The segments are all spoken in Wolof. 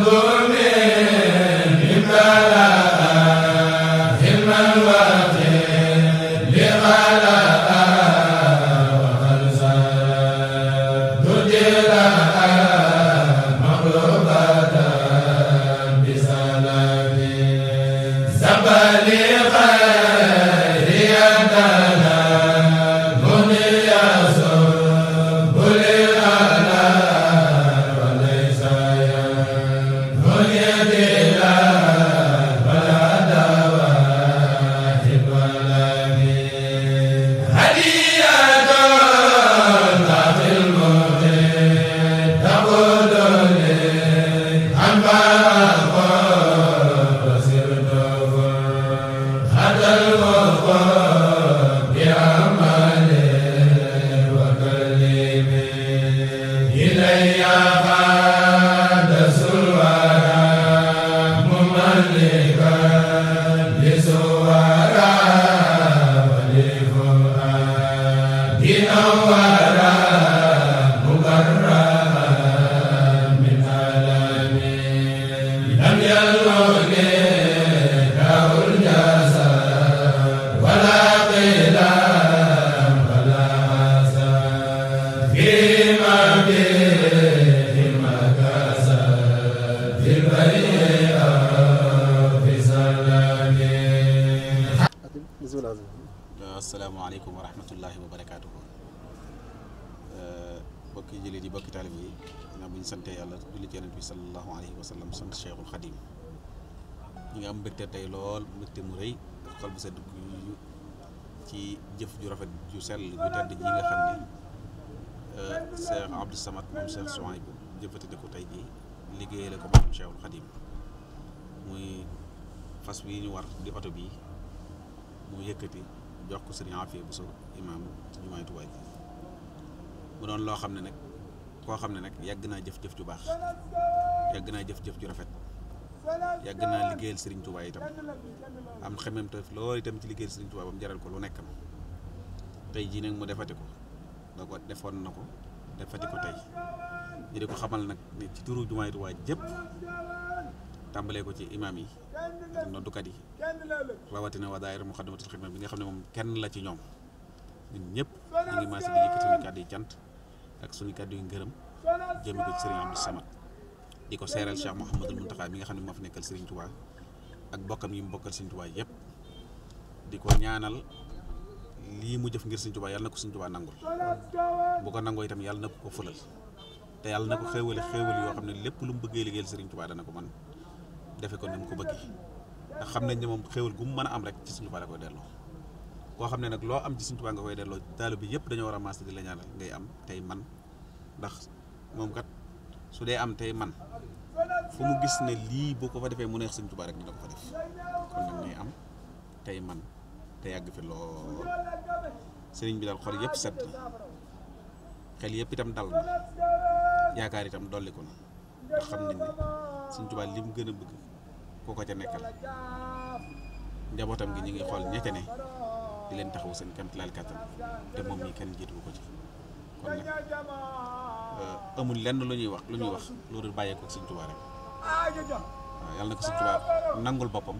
al ginaaw wara asalaamaaleykum wa rahmatullahi wa barakaatu. Euh, bokki jëlee di bokki taalibe yi nga bu ñu sante yàlla julli ci yonent bi sallallahu alayhi wa sallam sant Cheikhul Xadim ñu am mbégte tey lool mbégte mu rëy xol bu ci jëf ju rafet ju sell ju tedd ji nga xam ne euh, Cheikh Abdou Samad moom Cheikh Souhaïbou jëfati na ko tey jii liggéeyale ko maanaam Cheikhul Xadim muy fas wi ñu war di oto bii mu yëkkati jox ko sëriñ bu Bousso imaam jumaay Tuubaa ji mu doon loo xam ne nag koo xam ne nag yàgg naa jëf-jëf ju baax yàgg naa jëf-jëf ju rafet yàgg naa liggéeyal sëriñ Tuubaa itam am xemem te loolu itam ci liggéeyal sëriñ Tuubaa ba mu jaral ko lu nekkam tey jii nag mu defate ko da ko defoon na ko defati ko tey ñu di ko xamal nag ne ci turu jumaay Tuubaa jëpp tàmbalee ko ci imaam yi ak noddukat yi rawatina waa daayira Muxaddamatul Xidma bi nga xam ne moom kenn la ci ñoom ñun ngi maas di yëkkat suñu kàddu ak suñu kàddu yu ngërëm jëme ko seeral Cheikh Mouhamadul Mountakha nga xam ne moo fi nekkal Serigne Touba ak bokkam yi mu bokkal Serigne Touba ko ñaanal lii mu jëf ngir Serigne Touba yàlla ko Serigne Touba nangul nangoo itam yàlla na ko ko fulal te na ko xéewale xéewal yoo xam ne lépp lu mu bëggee liggéeyal Serigne Touba dana ko man defe kon ni mu ko bëggee ndax xam nañ ne moom xéwal gu mu mën a am rek ci Sëriñ Tuubaa la delloo koo xam nag loo am ci Sëriñ nga koy delloo taalibe bi yëpp dañoo war a maas ngay am tey man ndax moom kat su dee am tey man fu mu gis ne lii bu ko fa defee mu neex Sëriñ Tuubaa rek dina ko am tey man te yàgg fi lool sëriñ bi daal xol yëpp set na xel yëpp itam dal na yaakaar itam dolliku na ndax xam nañ ne Sëriñ Tuubaa li mu gën a bëgg ku ko ca nekkal njabootam gi ñu ngi xool ña ca ne di leen taxawu seen kéemtalaal kàttan te moom ñi kenn jiitu ko ci kon nag euh, amul lenn lu ñuy wax lu ñuy wax loolu bàyyeekoo ak Sëñ Tuubaa rek waaw yàlla na ko Sëñ Tuubaa nangul boppam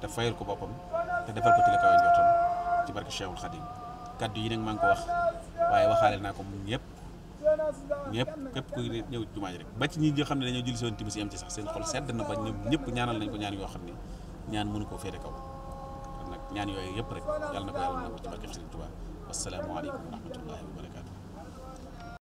te fayal ko boppam te defal ko ci la kaw njortam ci barke Cheikhul Khadim kaddu yi nag maa ngi ko wax waaye waxaale naa ko ñëpp. ñëpp képp ku ñëw jumaa rek ba ci ñi ñoo xam ne dañoo julli seen timis yam ci sax seen xol sedd na ba ñëpp ñaanal nañ ko ñaan yoo xam ne ñaan mënu koo féete kaw kon nag ñaan yooyu yëpp rek yàlla na ko yàlla nangu ci barkeb Sëriñ Tuubaa wassalaamu aleykum wa wa barakaatu